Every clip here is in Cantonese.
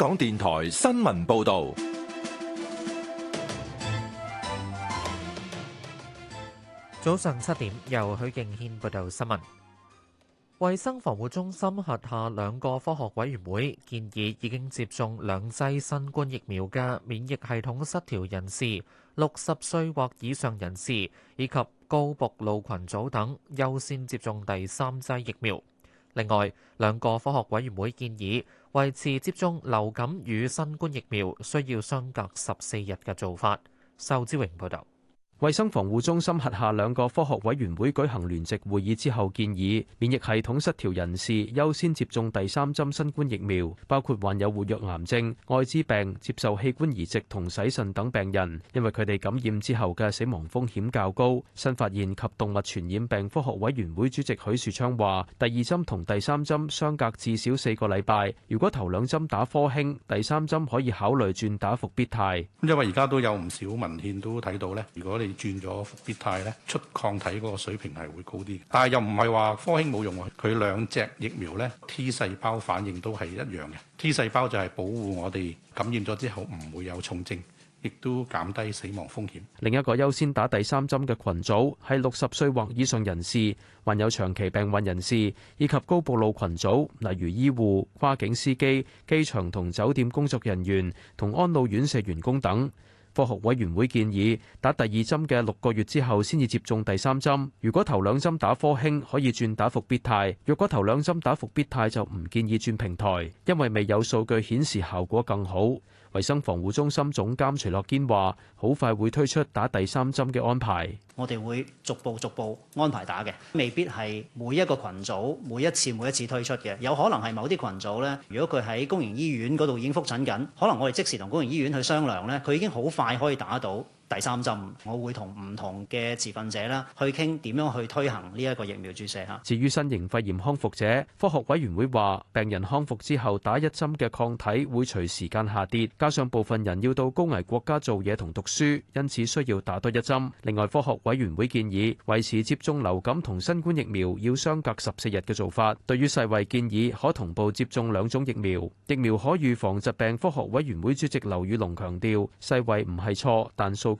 港電台新聞報道，早上七點由許敬軒報道新聞。衛生防護中心轄下兩個科學委員會建議，已經接種兩劑新冠疫苗嘅免疫系統失調人士、六十歲或以上人士以及高暴露群組等，優先接種第三劑疫苗。另外，兩個科學委員會建議維持接種流感與新冠疫苗需要相隔十四日嘅做法。仇志榮報導。衞生防護中心轄下兩個科學委員會舉行聯席會議之後，建議免疫系統失調人士優先接種第三針新冠疫苗，包括患有活躍癌症、愛滋病、接受器官移植同洗腎等病人，因為佢哋感染之後嘅死亡風險較高。新發現及動物傳染病科學委員會主席許樹昌話：第二針同第三針相隔至少四個禮拜，如果頭兩針打科興，第三針可以考慮轉打復必泰。因為而家都有唔少文獻都睇到呢。如果你轉咗復必泰咧，出抗體嗰個水平係會高啲，但係又唔係話科興冇用喎。佢兩隻疫苗咧 T 細胞反應都係一樣嘅。T 細胞就係保護我哋感染咗之後唔會有重症，亦都減低死亡風險。另一個優先打第三針嘅群組係六十歲或以上人士，還有長期病患人士，以及高暴露群組，例如醫護、跨境司機、機場同酒店工作人員、同安老院舍員工等。科學委員會建議打第二針嘅六個月之後先至接種第三針。如果頭兩針打科興，可以轉打復必泰；若果頭兩針打復必泰，就唔建議轉平台，因為未有數據顯示效果更好。衛生防護中心總監徐樂堅話，好快會推出打第三針嘅安排。我哋會逐步逐步安排打嘅，未必係每一個群組每一次每一次推出嘅，有可能係某啲群組咧，如果佢喺公營醫院嗰度已經復診緊，可能我哋即時同公營醫院去商量咧，佢已經好快可以打到。第三針，我會同唔同嘅持份者啦，去傾點樣去推行呢一個疫苗注射嚇。至於新型肺炎康復者，科學委員會話，病人康復之後打一針嘅抗體會隨時間下跌，加上部分人要到高危國家做嘢同讀書，因此需要打多一針。另外，科學委員會建議維持接種流感同新冠疫苗要相隔十四日嘅做法。對於世衛建議可同步接種兩種疫苗，疫苗可預防疾病，科學委員會主席劉宇龍強調，世衛唔係錯，但數。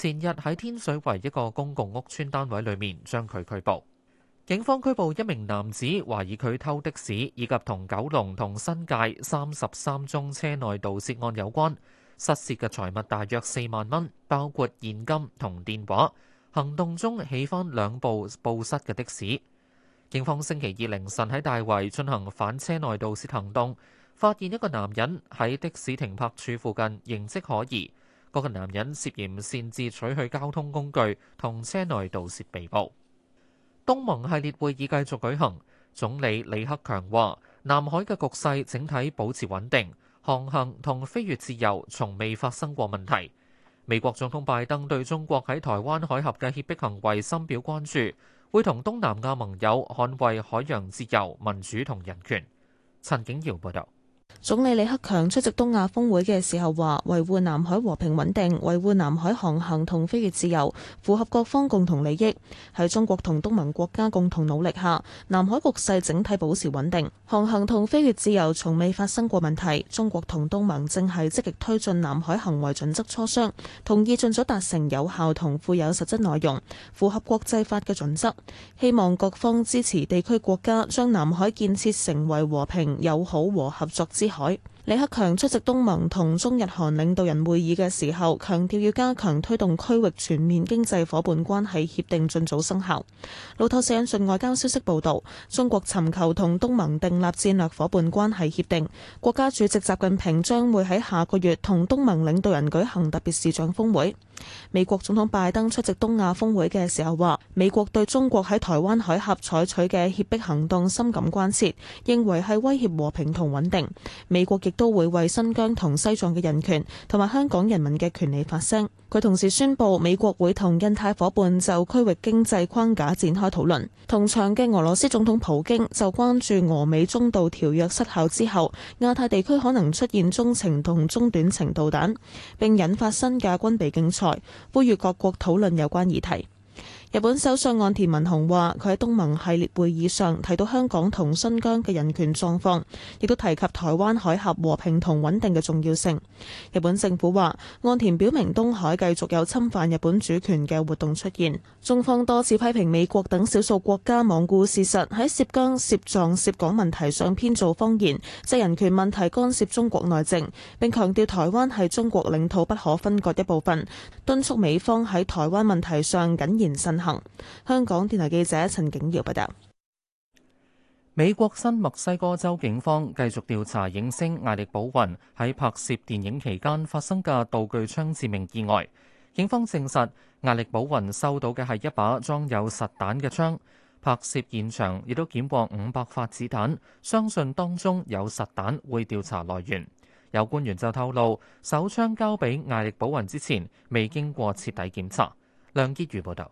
前日喺天水圍一個公共屋邨單位裏面，將佢拘捕，警方拘捕一名男子，懷疑佢偷的士，以及同九龍同新界三十三宗車內盜竊案有關。失竊嘅財物大約四萬蚊，包括現金同電話。行動中起翻兩部報失嘅的，的士。警方星期二凌晨喺大圍進行反車內盜竊行動，發現一個男人喺的士停泊處附近，形迹可疑。嗰個男人涉嫌擅自取去交通工具同車內盜竊被捕。東盟系列會議繼續舉行，總理李克強話：南海嘅局勢整體保持穩定，航行同飛越自由從未發生過問題。美國總統拜登對中國喺台灣海峽嘅脅迫行為深表關注，會同東南亞盟友捍衛海洋自由、民主同人權。陳景耀報導。總理李克強出席東亞峰會嘅時候話：維護南海和平穩定，維護南海航行同飛越自由，符合各方共同利益。喺中國同東盟國家共同努力下，南海局勢整體保持穩定，航行同飛越自由從未發生過問題。中國同東盟正係積極推進南海行為準則磋商，同意盡早達成有效同富有實質內容、符合國際法嘅準則。希望各方支持地區國家將南海建設成為和平、友好和合作之海，李克強出席東盟同中日韓領導人會議嘅時候，強調要加強推動區域全面經濟夥伴關係協定盡早生效。路透社引述外交消息報道，中國尋求同東盟訂立戰略夥伴關係協定，國家主席習近平將會喺下個月同東盟領導人舉行特別市長峰會。美國總統拜登出席東亞峰會嘅時候話，美國對中國喺台灣海峽採取嘅脅迫行動深感關切，認為係威脅和平同穩定。美國亦都會為新疆同西藏嘅人權同埋香港人民嘅權利發聲。佢同時宣布，美國會同印太夥伴就區域經濟框架展開討論。同場嘅俄羅斯總統普京就關注俄美中導條約失效之後，亞太地區可能出現中程同中短程導彈，並引發新嘅軍備競賽。呼籲各國討論有關議題。日本首相岸田文雄話，佢喺東盟系列會議上提到香港同新疆嘅人權狀況，亦都提及台灣海峽和平同穩定嘅重要性。日本政府話，岸田表明東海繼續有侵犯日本主權嘅活動出現，中方多次批評美國等少數國家罔顧事實，喺涉疆、涉藏、涉港問題上編造謊言，借人權問題干涉中國內政。並強調台灣係中國領土不可分割一部分，敦促美方喺台灣問題上謹言慎行香港電台記者陳景瑤報道。美國新墨西哥州警方繼續調查影星艾力保雲喺拍攝電影期間發生嘅道具槍致命意外。警方證實艾力保雲收到嘅係一把裝有實彈嘅槍，拍攝現場亦都檢獲五百發子彈，相信當中有實彈，會調查來源。有官員就透露，手槍交俾艾力保雲之前未經過徹底檢查。梁潔如報道。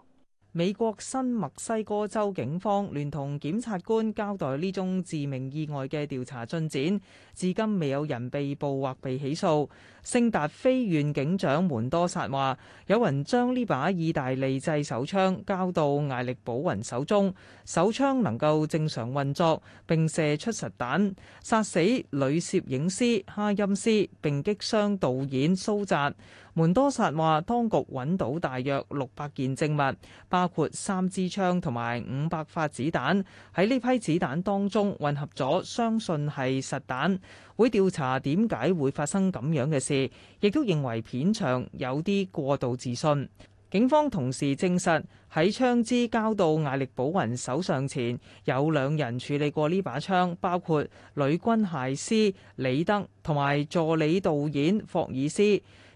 美國新墨西哥州警方聯同檢察官交代呢宗致命意外嘅調查進展，至今未有人被捕或被起訴。聖達菲縣警長門多薩話：有人將呢把意大利製手槍交到艾力保雲手中，手槍能夠正常運作並射出實彈，殺死女攝影師哈欽斯並擊傷導演蘇澤。門多薩話，當局揾到大約六百件證物，包括三支槍同埋五百發子彈。喺呢批子彈當中，混合咗相信係實彈。會調查點解會發生咁樣嘅事，亦都認為片場有啲過度自信。警方同時證實喺槍支交到艾力保雲手上前，有兩人處理過呢把槍，包括女軍械師李德同埋助理導演霍爾斯。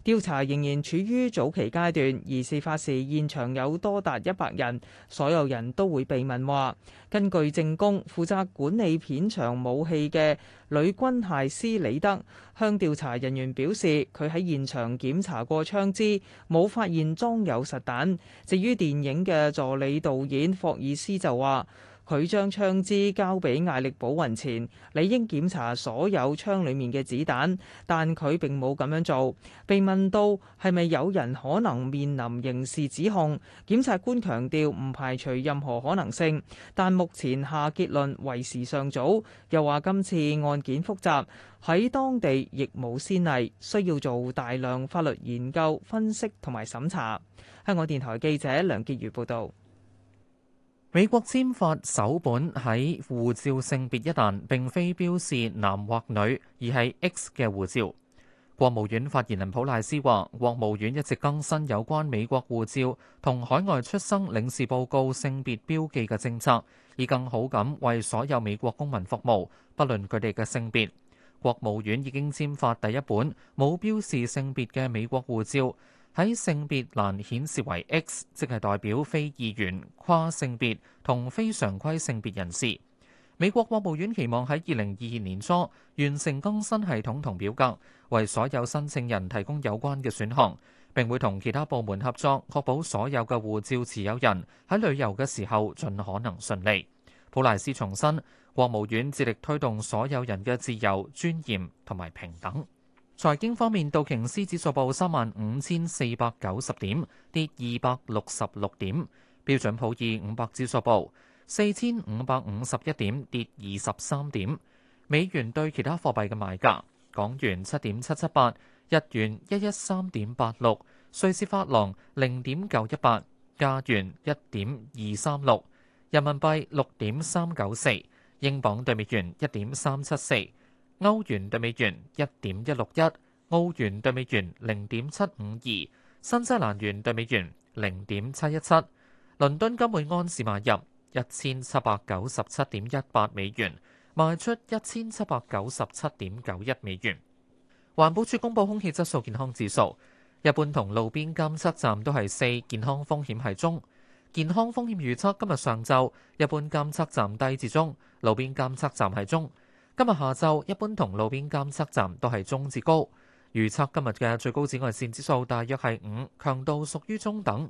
調查仍然處於早期階段，而事發時現場有多達一百人，所有人都會被問話。根據證供，負責管理片場武器嘅女軍械師李德向調查人員表示，佢喺現場檢查過槍支，冇發現裝有實彈。至於電影嘅助理導演霍爾斯就話：佢將槍支交俾艾力保雲前，理應檢查所有槍裡面嘅子彈，但佢並冇咁樣做。被問到係咪有人可能面臨刑事指控，檢察官強調唔排除任何可能性，但目前下結論為時尚早。又話今次案件複雜，喺當地亦冇先例，需要做大量法律研究、分析同埋審查。香港電台記者梁潔如報道。美國簽發首本喺護照性別一欄並非標示男或女，而係 X 嘅護照。國務院發言人普賴斯話：國務院一直更新有關美國護照同海外出生領事報告性別標記嘅政策，以更好咁為所有美國公民服務，不論佢哋嘅性別。國務院已經簽發第一本冇標示性別嘅美國護照。喺性別欄顯示為 X，即係代表非二元、跨性別同非常規性別人士。美國國務院期望喺二零二二年初完成更新系統同表格，為所有申請人提供有關嘅選項，並會同其他部門合作，確保所有嘅護照持有人喺旅遊嘅時候盡可能順利。普萊斯重申，國務院致力推動所有人嘅自由、尊嚴同埋平等。財經方面，道瓊斯指數報三萬五千四百九十點，跌二百六十六點；標準普爾五百指數報四千五百五十一點，跌二十三點。美元對其他貨幣嘅賣價：港元七點七七八，日元一一三點八六，瑞士法郎零點九一八，加元一點二三六，人民幣六點三九四，英鎊對美元一點三七四。歐元對美元一點一六一，澳元對美元零點七五二，新西蘭元對美元零點七一七。倫敦金會安士買入一千七百九十七點一八美元，賣出一千七百九十七點九一美元。環保署公布空氣質素健康指數，一般同路邊監測站都係四，健康風險係中，健康風險預測今日上晝一般監測站低至中，路邊監測站係中。今日下晝一般同路邊監測站都係中至高，預測今日嘅最高紫外線指數大約係五，強度屬於中等。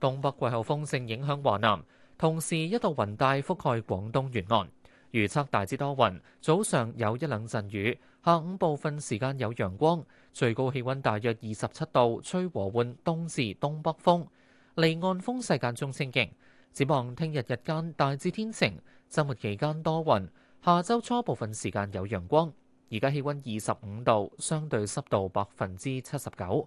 東北季候風正影響華南，同時一道雲帶覆蓋廣東沿岸，預測大致多雲，早上有一兩陣雨，下午部分時間有陽光，最高氣温大約二十七度，吹和緩東至東北風，離岸風勢間中清勁。展望聽日日間大致天晴，週末期間多雲。下周初部分時間有陽光，而家氣温二十五度，相對濕度百分之七十九。